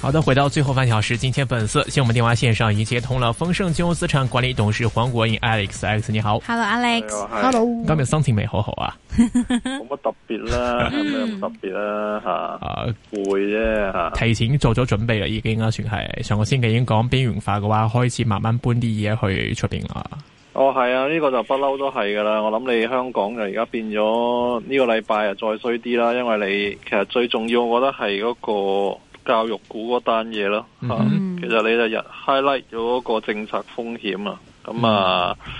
好的，回到最後半小時，金錢本色，先我們電話線上已接通了。豐盛金融資產管理董事黃國英 Alex，Alex 你好，Hello Alex，Hello，今日心情未好好啊？冇乜 特別啦，咁樣 特別啦吓，啊攰啫、啊啊、提前做咗準備啦，已經啊，算係上個星期已經講邊緣化嘅話，開始慢慢搬啲嘢去出邊啦。哦係啊，呢、這個就不嬲都係噶啦，我諗你香港就而家變咗呢、這個禮拜又再衰啲啦，因為你其實最重要，我覺得係嗰、那個。教育股嗰單嘢咯，吓、mm，hmm. 其實你就 highlight 咗一個政策風險啊，咁啊、mm，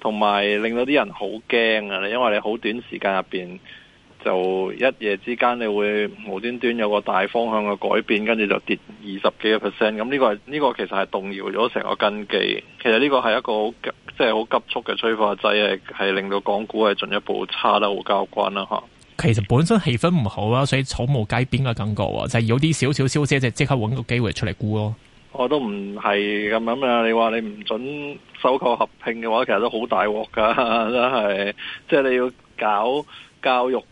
同、hmm. 埋令到啲人好驚啊，因為你好短時間入邊就一夜之間你會無端端有個大方向嘅改變，跟住就跌二十幾個 percent，咁呢個呢個其實係動搖咗成個根基，其實呢個係一個即係好急促嘅催化劑，係令到港股係進一步差得好交關啦，吓。其實本身氣氛唔好啊，所以草木皆兵嘅感覺，就係、是、有啲少少消息就即刻揾個機會出嚟沽咯。我都唔係咁樣啊。你話你唔准收購合併嘅話，其實都好大鑊㗎，真係。即係你要搞教育，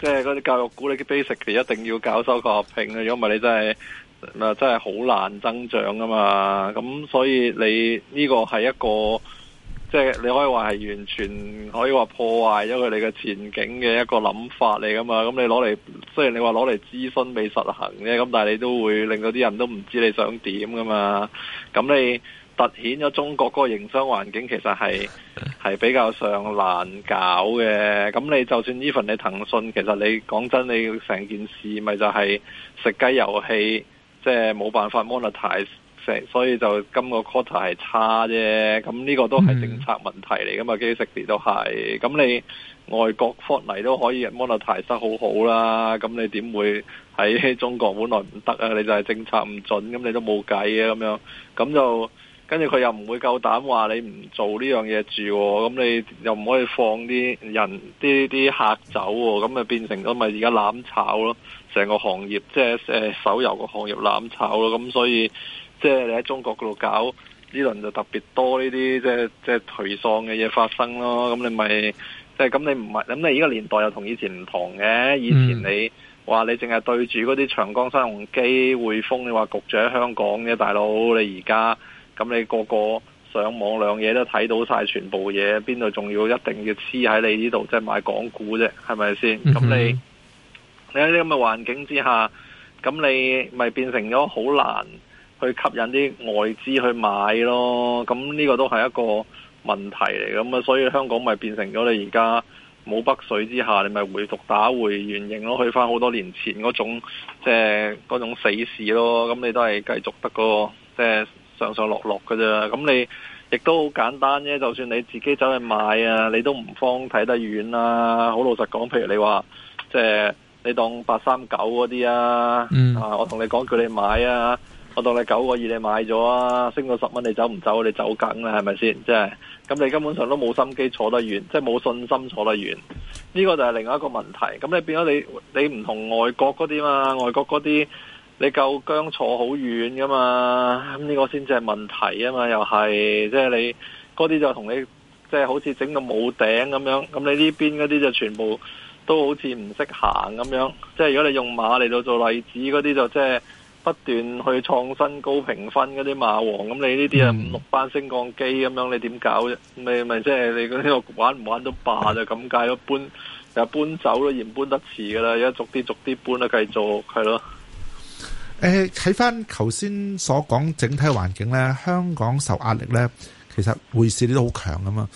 即係嗰啲教育股，你嘅 basic 係一定要搞收購合併啊，如果唔係你真係，真係好難增長㗎嘛。咁所以你呢、這個係一個。即係你可以話係完全可以話破壞咗佢哋嘅前景嘅一個諗法嚟噶嘛？咁你攞嚟，雖然你話攞嚟諮詢未實行啫，咁但係你都會令到啲人都唔知你想點噶嘛？咁你凸顯咗中國嗰個營商環境其實係係比較上難搞嘅。咁你就算呢份你騰訊，其實你講真，你成件事咪就係食雞遊戲，即係冇辦法 monetize。所以就今個 quarter 係差啫，咁呢個都係政策問題嚟噶嘛，基石啲都係。咁你外國貨嚟都可以 monetise 好好啦，咁你點會喺中國本來唔得啊？你就係政策唔準，咁你都冇計嘅咁樣。咁就跟住佢又唔會夠膽話你唔做呢樣嘢住，咁你又唔可以放啲人啲啲客走，啊，咁咪變成咗咪而家攬炒咯？成個行業即係誒手遊個行業攬炒咯，咁所以。即係你喺中國嗰度搞呢輪就特別多呢啲即係即係頹喪嘅嘢發生咯，咁你咪即係咁你唔係咁你而家年代又同以前唔同嘅，以前你話你淨係對住嗰啲長江、新鴻基、匯豐，你話焗住喺香港嘅大佬，你而家咁你個個上網兩嘢都睇到晒全部嘢，邊度仲要一定要黐喺你呢度即係買港股啫，係咪先？咁、嗯、哼你你喺呢啲咁嘅環境之下，咁你咪變成咗好難。去吸引啲外資去買咯，咁呢個都係一個問題嚟，咁啊，所以香港咪變成咗你而家冇北水之下，你咪回獨打回原形咯，去翻好多年前嗰種即係嗰種死市咯，咁你都係繼續得、嗰個即係上上落落嘅啫。咁你亦都好簡單啫，就算你自己走去買啊，你都唔方睇得遠啦、啊。好老實講，譬如你話即係你當八三九嗰啲啊，啊、嗯，我同你講叫你買啊。我當你九個二你買咗啊，升到十蚊你走唔走？你走梗啦，係咪先？即係咁你根本上都冇心機坐得遠，即係冇信心坐得遠。呢個就係另外一個問題。咁你變咗你你唔同外國嗰啲嘛？外國嗰啲你夠薑坐好遠㗎嘛？咁呢個先至係問題啊嘛，又係即係你嗰啲就同你即係好似整到冇頂咁樣。咁你呢邊嗰啲就全部都好似唔識行咁樣。即係如果你用馬嚟到做例子嗰啲就即係。不斷去創新高評分嗰啲馬王，咁你呢啲啊五六班升降機咁樣，你點搞啫？你咪即係你嗰啲個玩唔玩都罷就咁解，一搬，又搬走啦，又嫌搬得遲噶啦，而家逐啲逐啲搬啦，繼續係咯。誒，睇翻頭先所講整體環境咧，香港受壓力咧，其實匯市都好強噶嘛。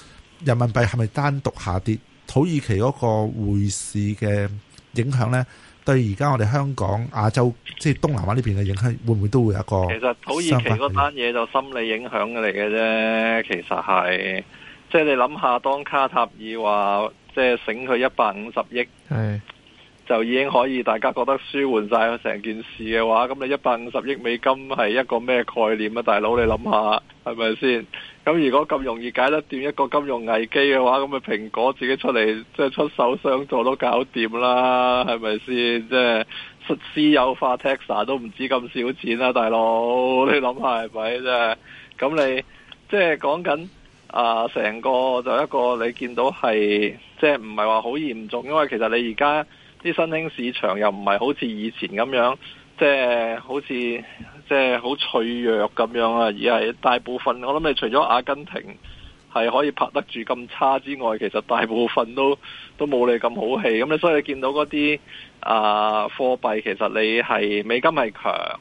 人民幣係咪單獨下跌？土耳其嗰個匯市嘅影響咧？對而家我哋香港、亞洲即係東南亞呢邊嘅影響，會唔會都會有一個？其實土耳其嗰單嘢就心理影響嚟嘅啫，其實係即係你諗下，當卡塔爾話即係醒佢一百五十億，是就已經可以大家覺得舒緩曬成件事嘅話，咁你一百五十億美金係一個咩概念啊？大佬你諗下，係咪、嗯、先？咁如果咁容易解得掂一個金融危機嘅話，咁咪蘋果自己出嚟即係出手相助都搞掂啦，係咪先？即係實施有化 Tesla 都唔止咁少錢啦，大佬，你諗下係咪即啫？咁你即係講緊啊，成個就一個你見到係即係唔係話好嚴重，因為其實你而家啲新興市場又唔係好似以前咁樣，即係好似。即係好脆弱咁樣啊！而係大部分，我諗你除咗阿根廷係可以拍得住咁差之外，其實大部分都都冇你咁好戲。咁你所以你見到嗰啲啊貨幣，呃、貨幣其實你係美金係強，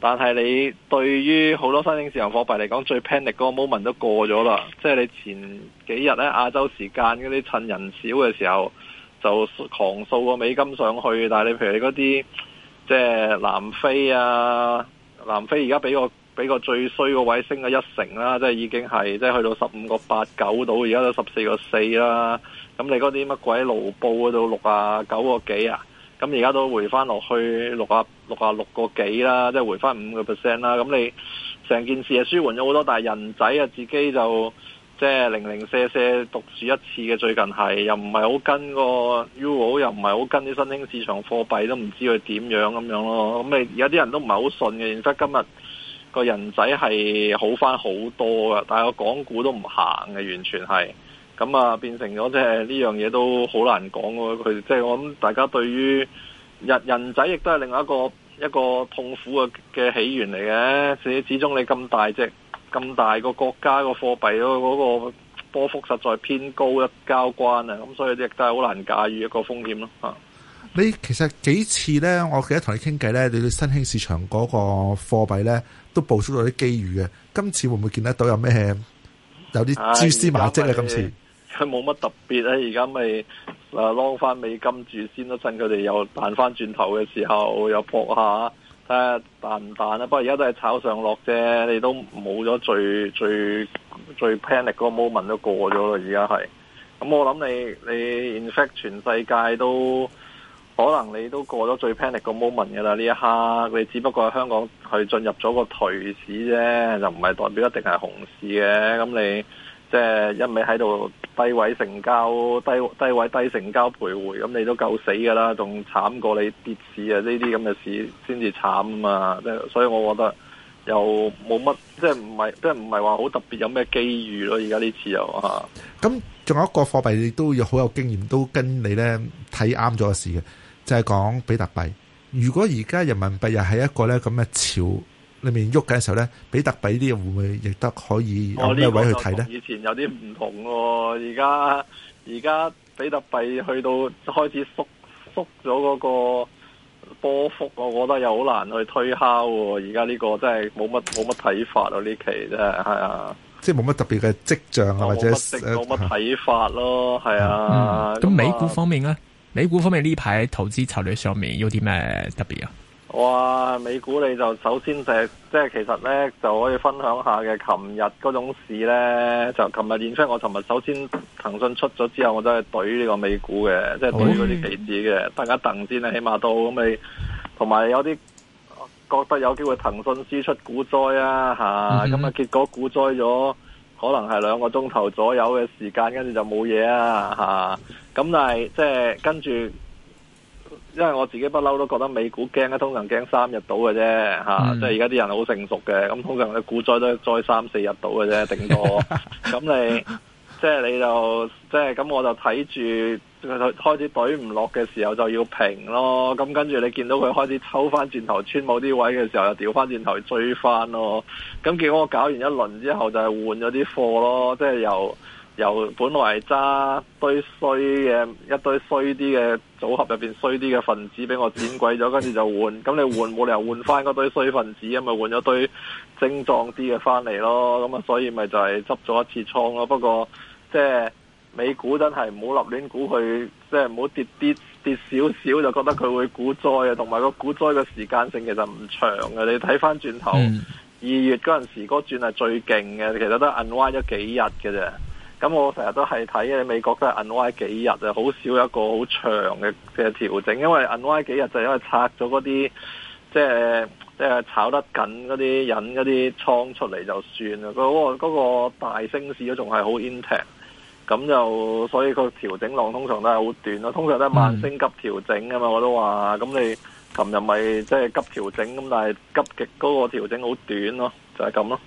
但係你對於好多新興市場貨幣嚟講，最 panic 嗰個 moment 都過咗啦。即係你前幾日咧亞洲時間嗰啲趁人少嘅時候就狂掃個美金上去，但係你譬如你嗰啲即係南非啊。南非而家俾個俾個最衰個位升咗一成啦，即係已經係即係去到十五個八九度，而家都十四個四啦。咁你嗰啲乜鬼盧布嗰度六啊九個幾啊，咁而家都回翻落去六啊六啊六個幾啦，即係回翻五個 percent 啦。咁你成件事係舒緩咗好多，但係人仔啊自己就～即係零零舍舍讀住一次嘅，最近係又唔係好跟個 Euro 又唔係好跟啲新興市場貨幣，都唔知佢點樣咁樣咯。咁你而家啲人都唔係好信嘅，然之後今日個人仔係好翻好多啊！但係個港股都唔行嘅，完全係咁啊，變成咗即係呢樣嘢都好難講喎。佢即係我諗大家對於人人仔亦都係另外一個一個痛苦嘅嘅起源嚟嘅，始始終你咁大隻。咁大個國家個貨幣嗰個波幅實在偏高一交關啊，咁所以亦都係好難駕馭一個風險咯。吓、啊,你其實幾次咧，我記得同你傾偈咧，你對新興市場嗰個貨幣咧都捕捉到啲機遇嘅。今次會唔會見得到有咩有啲蛛絲馬跡咧？今次佢冇乜特別咧，而家咪嗱撈翻美金住先咯，趁佢哋又彈翻轉頭嘅時候又撲下。誒彈唔彈啊？但不過而家都係炒上落啫，你都冇咗最最最 panic 嗰個 moment 都過咗啦。而家係，咁、嗯、我諗你你 in fact 全世界都可能你都過咗最 panic 個 moment 噶啦。呢一刻你只不過係香港佢進入咗個頹市啫，就唔係代表一定係熊市嘅。咁、嗯、你。即係一味喺度低位成交低低位低成交徘徊，咁你都夠死㗎啦，仲慘過你跌市啊！呢啲咁嘅事先至慘啊嘛，即所以我覺得又冇乜，即係唔係即係唔係話好特別有咩機遇咯？而家呢次又嚇，咁仲有一個貨幣你都要好有經驗，都跟你咧睇啱咗嘅事嘅，就係講比特幣。如果而家人民幣又係一個咧咁嘅潮，裏面喐嘅時候咧，比特幣啲嘢會唔會亦得可以有咩位去睇咧？哦這個，以前有啲唔同喎，哦，而家而家比特幣去到開始縮縮咗嗰個波幅，我覺得又好難去推敲喎，哦。而家呢個真係冇乜冇乜睇法咯，呢期真係係啊，即係冇乜特別嘅跡象啊，或者冇乜睇法咯，係啊。咁美股方面咧，嗯，美股方面呢排投資策略上面有啲咩特別啊？哇！美股你就首先就係即係，其實咧就可以分享下嘅，琴日嗰種事咧，就琴日演出。我琴日首先騰訊出咗之後，我都係懟呢個美股嘅，即係懟嗰啲地址嘅。大家等先啊起碼到咁你，同埋有啲覺得有機會騰訊輸出股災啊吓，咁啊、嗯、哼結果股災咗，可能係兩個鐘頭左右嘅時間，跟住就冇嘢啊吓。咁、啊、但係即係跟住。因為我自己不嬲都覺得美股驚咧，通常驚三日到嘅啫，吓、啊，嗯、即係而家啲人好成熟嘅，咁通常你股災都係災三四日到嘅啫，頂多。咁 你即係你就即係咁，我就睇住開始懟唔落嘅時候就要平咯，咁跟住你見到佢開始抽翻轉頭穿某啲位嘅時候，又調翻轉頭追翻咯，咁結果我搞完一輪之後就係換咗啲貨咯，即係又。由本來揸堆衰嘅一堆衰啲嘅組合入邊衰啲嘅分子俾我剪鬼咗，跟住就換。咁你換冇理由換翻嗰堆衰分子啊，咪換咗堆精壯啲嘅翻嚟咯。咁、嗯、啊，所以咪就係執咗一次倉咯。不過即係美股真係唔好立亂估佢，即係唔好跌跌跌少少就覺得佢會股災啊。同埋個股災嘅時間性其實唔長嘅。你睇翻、嗯那個、轉頭二月嗰陣時嗰轉係最勁嘅，其實都摁歪咗幾日嘅啫。咁我成日都係睇嘅，美國都係 unwind 幾日啊，好少一個好長嘅嘅、就是、調整，因為 unwind 幾日就因為拆咗嗰啲，即係即係炒得緊嗰啲引嗰啲倉出嚟就算啦。嗰、嗰個嗰個大升市都仲係好 intact，咁就所以個調整浪通常都係好短咯，通常都係慢升急調整啊嘛。我都話，咁你琴日咪即係急調整，咁但係急極嗰、嗰個調整好短咯，就係咁咯。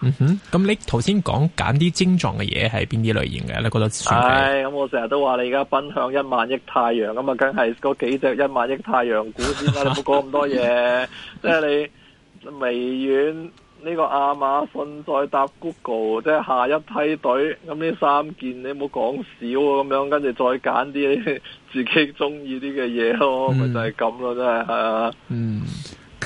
嗯哼，咁你頭先講揀啲精狀嘅嘢係邊啲類型嘅？你覺得？唉，咁，我成日都話你而家奔向一萬億太陽，咁啊，梗係嗰幾隻一萬億太陽股先啦，啊。 你唔好講咁多嘢，即係你微軟呢、這個亞馬遜再搭 Google，即係下一梯隊。咁呢三件你唔好講少咁樣，跟住再揀啲自己中意啲嘅嘢咯。咪、嗯、就係咁咯，真係係啊。嗯。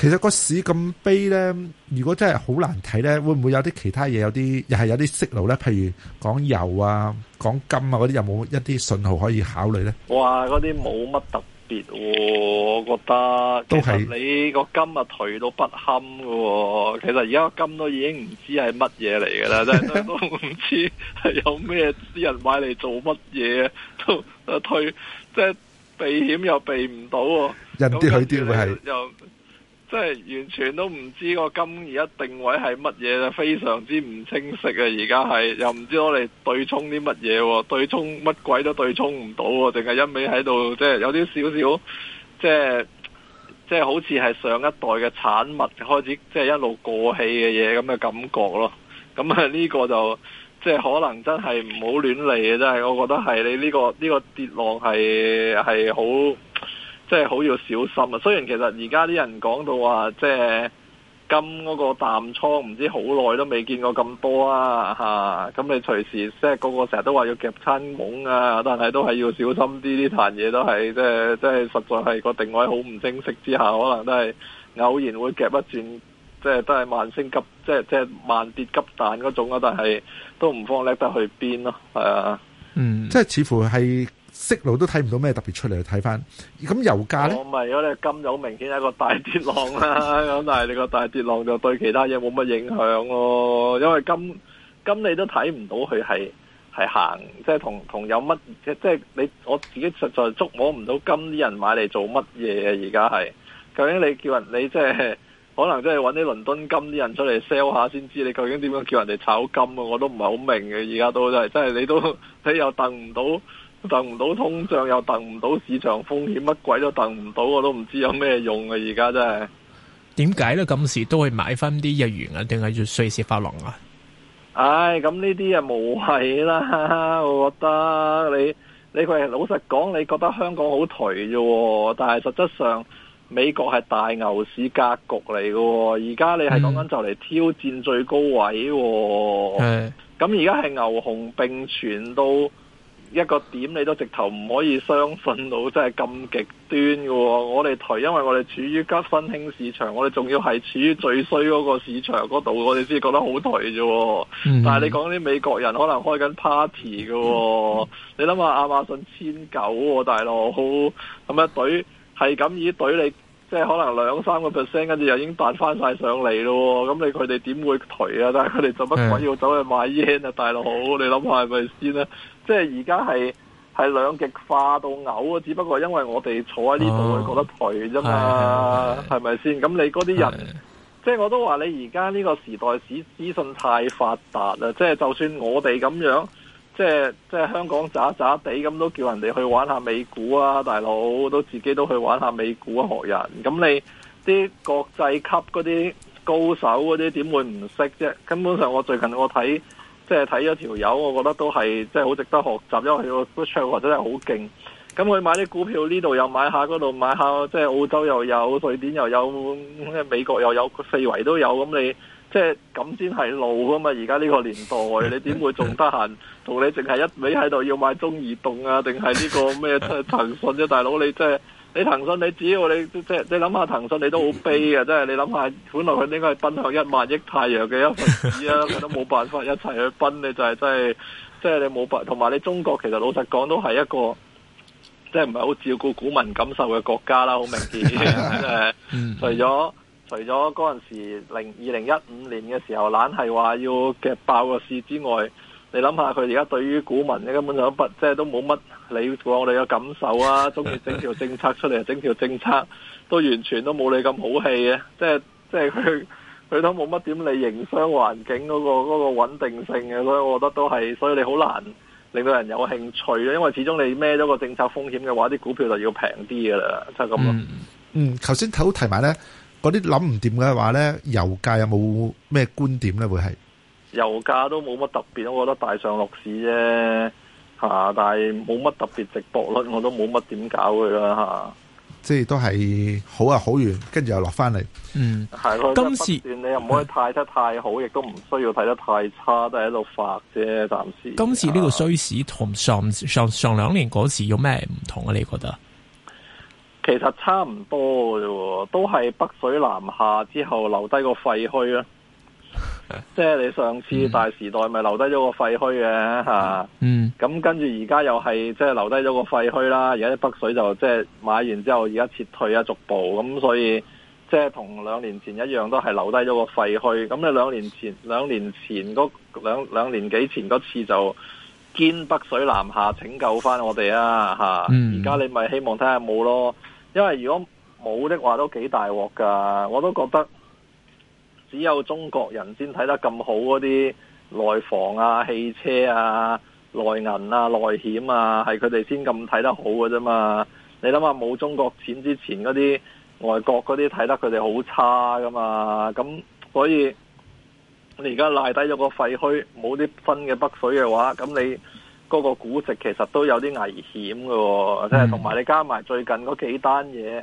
其實個市咁悲咧，如果真係好難睇咧，會唔會有啲其他嘢有啲，又係有啲息路咧？譬如講油啊、講金啊嗰啲，有冇一啲信號可以考慮咧？哇，嗰啲冇乜特別、喎，我覺得。都係你個金啊，頹到不堪噶、喎。其實而家個金都已經唔知係乜嘢嚟噶啦， 真係都唔知係有咩私人買嚟做乜嘢，都退，即、就、係、是、避險又避唔到、喎。陰啲佢啲會係。即係完全都唔知個金而家定位係乜嘢啦，非常之唔清晰啊！而家係又唔知我哋對沖啲乜嘢，對沖乜鬼都對沖唔到，淨係一味喺度，即係有啲少少，即係即係好似係上一代嘅產物開始，即係一路過氣嘅嘢咁嘅感覺咯。咁啊呢個就即係可能真係唔好亂嚟嘅，真係我覺得係你呢個呢個跌浪係係好。即係好要小心啊！雖然其實而家啲人講到話，即係金嗰個淡倉唔知好耐都未見過咁多啊嚇！咁、啊、你隨時即係個個成日都話要夾餐懵啊，但係都係要小心啲。呢壇嘢都係即係即係實在係個定位好唔清晰之下，可能都係偶然會夾一轉，即係都係慢升急，即係即係慢跌急彈嗰種咯、啊。但係都唔放叻得去邊咯，係啊，啊嗯，即係似乎係。色路都睇唔到咩特別出嚟，去睇翻咁油價咧？我唔係，如果你金就明顯有明顯一個大跌浪啦，咁 但係你個大跌浪就對其他嘢冇乜影響咯。因為金金你都睇唔到佢係係行，即係同同有乜即係你我自己實在捉摸唔到金啲人買嚟做乜嘢啊！而家係究竟你叫人你即係可能即係揾啲倫敦金啲人出嚟 sell 下先知，你究竟點樣叫人哋炒金啊？我都唔係好明嘅，而家都真係真係你都你又掟唔到。等唔到通脹又等唔到市場風險乜鬼都等唔到，我都唔知有咩用啊！而家真係點解呢？今時都係買翻啲日元啊，定係要瑞士法郎啊？唉、哎，咁呢啲啊無謂啦，我覺得你你佢係老實講，你覺得香港好頹啫，但係實質上美國係大牛市格局嚟噶，而家你係講緊就嚟挑戰最高位，啊，咁而家係牛熊並存都。一個點你都直頭唔可以相信到，真係咁極端噶、哦。我哋頹，因為我哋處於急新興市場，我哋仲要係處於最衰嗰個市場嗰度，我哋先覺得好頹啫、哦。嗯、但係你講啲美國人可能開緊 party 噶，你諗下亞馬遜千九，大佬咁樣懟，係咁以懟你。即係可能兩三個 percent，跟住又已經彈翻晒上嚟咯。咁你佢哋點會頹啊？但係佢哋做乜鬼要走去買煙啊？大佬，你諗下係咪先咧？即係而家係係兩極化到嘔啊！只不過因為我哋坐喺呢度，會覺得頹啫嘛，係咪先？咁的你嗰啲人，的即係我都話你而家呢個時代史，資資訊太發達啦。即係就算我哋咁樣。即係即係香港渣渣地咁都叫人哋去玩下美股啊，大佬都自己都去玩下美股啊。學人。咁你啲國際級嗰啲高手嗰啲點會唔識啫？根本上我最近我睇，即係睇咗條友，我覺得都係即係好值得學習，因為佢個唱法真係好勁。咁佢買啲股票，呢度又買下，嗰度買下，即係澳洲又有，瑞典又有，咩美國又有，四圍都有。咁你即係咁先係路啊嘛？而家呢個年代，你點會仲得閒？同你淨係一味喺度要買中移動啊？定係呢個咩即係騰訊啫？大佬你即係你騰訊，你只要你即係你諗下騰訊，你都好悲啊！即係你諗下，本來佢應該係奔向一萬億太陽嘅一份子啊，佢 都冇辦法一齊去奔。你就係真係，即係你冇辦。同埋你中國，其實老實講都係一個。即係唔係好照顧股民感受嘅國家啦，好明顯、 嗯。除咗除咗嗰陣時零二零一五年嘅時候，懶係話要夾爆個市之外，你諗下佢而家對於股民咧，根本就不即係都冇乜理過我哋嘅感受啊！中意整條政策出嚟，整條政策都完全都冇你咁好氣嘅，即係即係佢佢都冇乜點理營商環境嗰、嗰個嗰、嗰個穩定性嘅，所以我覺得都係，所以你好難。令到人有興趣咧，因為始終你孭咗個政策風險嘅話，啲股票就要平啲噶啦，就係咁咯。嗯，頭先頭提埋咧，嗰啲諗唔掂嘅話咧，油價有冇咩觀點咧？會係油價都冇乜特別，我覺得大上落市啫，吓、啊，但係冇乜特別值博啦，我都冇乜點搞佢啦，吓、啊。即係都係好啊，好完，跟住又落翻嚟。嗯，係咯。 今次你又唔可以睇得太好，亦都唔需要睇得太差，都喺度發啫，暫時。今次呢個衰市同上上上兩年嗰時有咩唔同啊？你覺得？其實差唔多咋喎，都係北水南下之後留低個廢墟啦。嗯、即係你上次大時代咪留低咗個廢墟嘅、啊、吓，咁、啊嗯、跟住而家又係即係留低咗個廢墟啦、啊。而家啲北水就即係買完之後，而家撤退啊，逐步咁，所以即係同兩年前一樣，都係留低咗個廢墟。咁你兩年前兩年前嗰兩兩年幾前嗰次就堅北水南下拯救翻我哋啊吓，而、啊、家、嗯、你咪希望睇下冇咯，因為如果冇的話都幾大鑊噶，我都覺得。只有中國人先睇得咁好嗰啲內房啊、汽車啊、內銀啊、內險啊，係佢哋先咁睇得好嘅啫嘛。你諗下冇中國錢之前嗰啲外國嗰啲睇得佢哋好差噶嘛。咁所以你而家賴低咗個廢墟，冇啲分嘅北水嘅話，咁你嗰個估值其實都有啲危險嘅、哦，即係同埋你加埋最近嗰幾單嘢，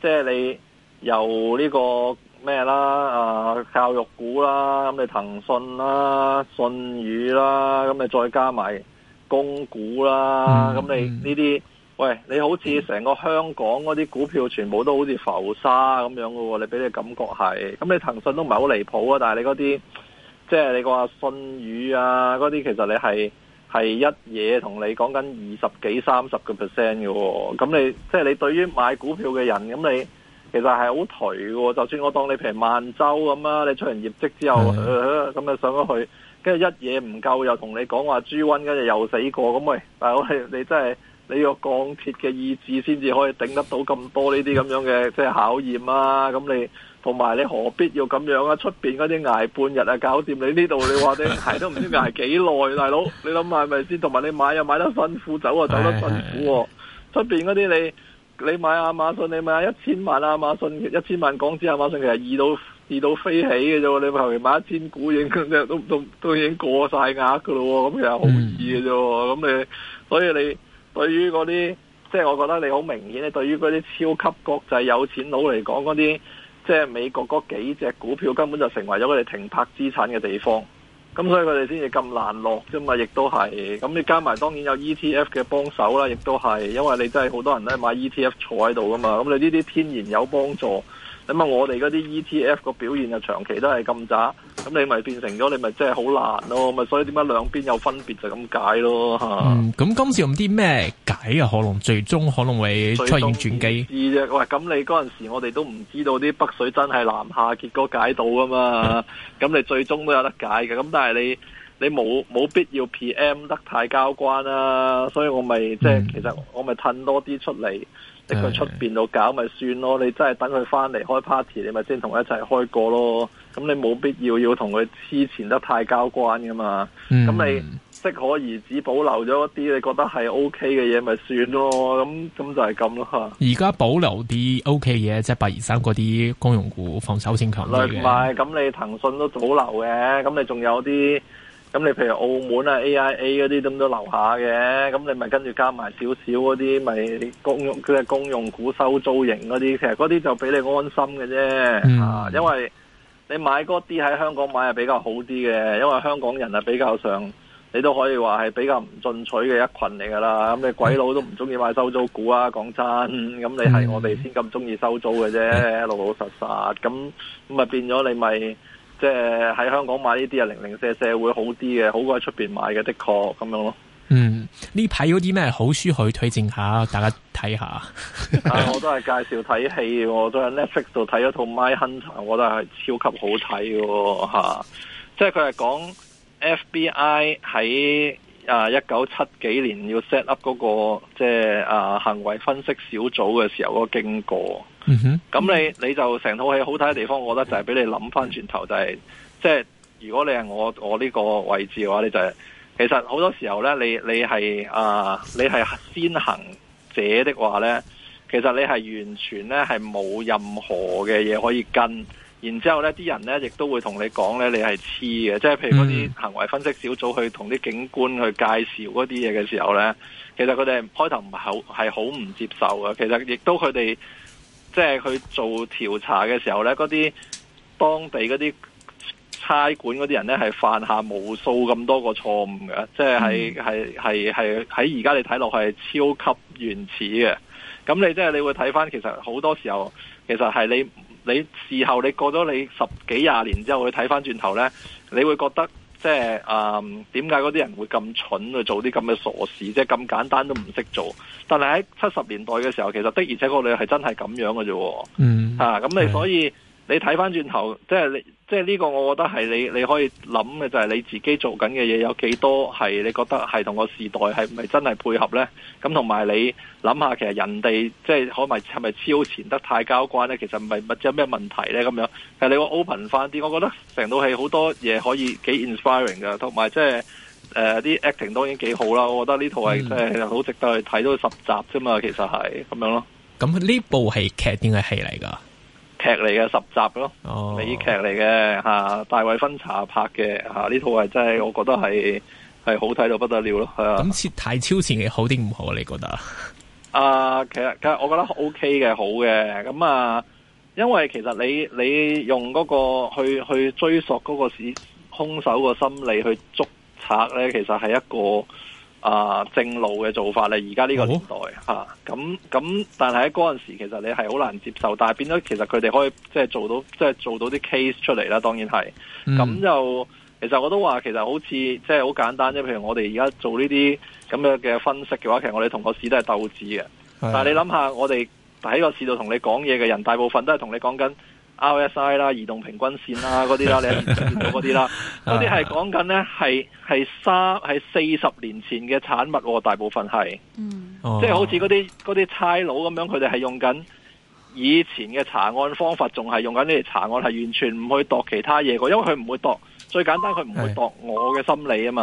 即、就、係、是、你由呢、這個。咩啦啊、呃，教育股啦，咁你騰訊啦、信譽啦，咁你再加埋公股啦，咁、嗯、你呢啲，喂，你好似成個香港嗰啲股票全部都好似浮沙咁樣㗎喎、哦，你俾你感覺係，咁你騰訊都唔係好離譜啊，但係你嗰啲，即係你話信譽啊，嗰啲其實你係係一嘢，同、哦、你講緊二十幾三十個 percent 嘅，咁你即係你對於買股票嘅人，咁你。其實係好頹嘅，就算我當你譬如萬洲咁啊，你出完業績之後咁啊上咗去，跟住一嘢唔夠又同你講話豬瘟，跟住又死過，咁喂，大佬你真係你個鋼鐵嘅意志先至可以頂得到咁多呢啲咁樣嘅即係考驗啊！咁你同埋你何必要咁樣啊？出邊嗰啲挨半日啊，搞掂，你呢度你話你挨都唔知挨幾耐大佬，你諗下係咪先？同埋你買又買得辛苦，走啊，走得辛苦，出邊嗰啲你。你買亞馬遜，你買一千萬亞馬遜，一千萬港紙亞馬遜其實易到易到飛起嘅啫。你後期買一千股已經都都都已經過晒額噶咯。咁其實好易嘅啫。咁你所以你對於嗰啲即係我覺得你好明顯。你對於嗰啲超級國際有錢佬嚟講，嗰啲即係美國嗰幾隻股票根本就成為咗佢哋停泊資產嘅地方。咁、嗯、所以佢哋先至咁難落啫嘛，亦都係咁你加埋當然有 ETF 嘅幫手啦，亦都係，因為你真係好多人買 ETF 坐喺度噶嘛，咁、嗯、你呢啲天然有幫助。咁啊！我哋嗰啲 ETF 個表現就長期都係咁渣，咁你咪變成咗你咪即係好難、啊、咯，咪所以點解兩邊有分別就咁解咯嚇？嗯，咁今次用啲咩解啊？可能最終可能會，出現轉機。咁你嗰陣時我哋都唔知道啲北水真係南下，結果解到啊嘛？咁、嗯、你最終都有得解嘅。咁但係你你冇冇必要 PM 得太交關啊？所以我咪即係其實我咪褪多啲出嚟。佢出邊度搞咪算咯，你真係等佢翻嚟開 party，你咪先同佢一齊開過咯。咁你冇必要要同佢黐纏得太交關㗎嘛。咁、嗯、你適可而止，保留咗一啲你覺得係 OK 嘅嘢咪算咯。咁咁就係咁咯。而家保留啲 OK 嘢，即係八二三嗰啲公用股防守性強啲嘅。唔係，咁你騰訊都保留嘅，咁你仲有啲。咁你譬如澳門啊 AIA 嗰啲咁都留下嘅，咁你咪跟住加埋少少嗰啲，咪、就是、公用佢係公用股收租型嗰啲，其實嗰啲就俾你安心嘅啫，啊、嗯，因為你買嗰啲喺香港買係比較好啲嘅，因為香港人係比較上，你都可以話係比較唔進取嘅一群嚟噶啦，咁你鬼佬都唔中意買收租股啊，講真，咁你係我哋先咁中意收租嘅啫，老老實實，咁咁咪變咗你咪。即係喺香港買呢啲啊，零零舍舍會好啲嘅，好過喺出邊買嘅，的確咁樣咯。嗯，呢排有啲咩好書可以推薦下， 大家睇下。 啊。我都係介紹睇戲，我都喺 Netflix 度睇咗套《My Hunter》，我覺得係超級好睇嘅吓。即係佢係講 FBI 喺啊一九七幾年要 set up 嗰、嗰個即係啊行為分析小組嘅時候嗰個經過。嗯哼，咁你你就成套戲好睇嘅地方，我覺得就係俾你諗翻轉頭，就是，就係即係如果你係我我呢個位置嘅話，你就係、是、其實好多時候呢，你你係啊，你係、呃、先行者嘅話呢，其實你係完全呢，係冇任何嘅嘢，可以跟，然之後呢啲人呢，亦都會同你講呢，你係黐嘅，即係譬如嗰啲行為分析小組去同啲警官去介紹嗰啲嘢嘅時候呢，其實佢哋開頭唔係好係好唔接受嘅，其實亦都佢哋。即係去做調查嘅時候呢，嗰啲當地嗰啲差館嗰啲人呢，係犯下無數咁多個錯誤嘅，即係係係係喺而家你睇落去係超級原始嘅。咁你即係你，你會睇翻，其實好多時候其實係你你事後你過咗你十幾廿年之後你睇翻轉頭呢，你會覺得。即係誒，點解嗰啲人會咁蠢去做啲咁嘅傻事啫？即係咁簡單都唔識做，但係喺七十年代嘅時候，其實的而且確你係真係咁樣嘅啫。嗯，吓咁、啊、你所以。嗯你睇翻轉頭，即係你，即係呢個，我覺得係你，你可以諗嘅就係你自己做緊嘅嘢有幾多係你覺得係同個時代係唔係真係配合咧？咁同埋你諗下，其實人哋即係可唔係咪超前得太交關咧？其實唔係，有咩問題咧？咁樣，但係你會 open 翻啲，我覺得成套戲好多嘢可以幾 inspiring 噶，同埋即係誒啲 acting 都已經幾好啦。我覺得呢套係即係好值得去睇多十集啫嘛。其實係咁樣咯。咁呢、嗯、部係劇定係戲嚟噶？劇嚟嘅十集咯，oh. 美劇嚟嘅吓，大衛芬查拍嘅吓，呢、啊、套係真係我覺得係係好睇到不得了咯。咁超太超前嘅好定唔好啊？你覺得啊？其實其實我覺得 O K 嘅好嘅，咁、嗯、啊，因為其實你你用嗰個去去追索嗰個是凶手嘅心理去捉賊咧，其實係一個。啊、呃，正路嘅做法咧，而家呢個年代嚇，咁咁、哦啊，但係喺嗰陣時，其實你係好難接受，但係變咗，其實佢哋可以即係做到，即係做到啲 case 出嚟啦。當然係，咁、嗯、就其實我都話，其實好似即係好簡單啫。譬如我哋而家做呢啲咁樣嘅分析嘅話，其實我哋同個市都係鬥智嘅。是的 但係你諗下，我哋喺個市度同你講嘢嘅人，大部分都係同你講緊。RSI 啦、SI、移動平均線啦、嗰啲啦，你喺電視見到嗰啲啦，嗰啲係講緊咧，係係三係四十年前嘅產物喎，大部分係，嗯，即係好似嗰啲啲差佬咁樣，佢哋係用緊以前嘅查案方法，仲係用緊呢啲查案，係完全唔去度其他嘢嘅，因為佢唔會度，最簡單佢唔會度我嘅心理啊嘛。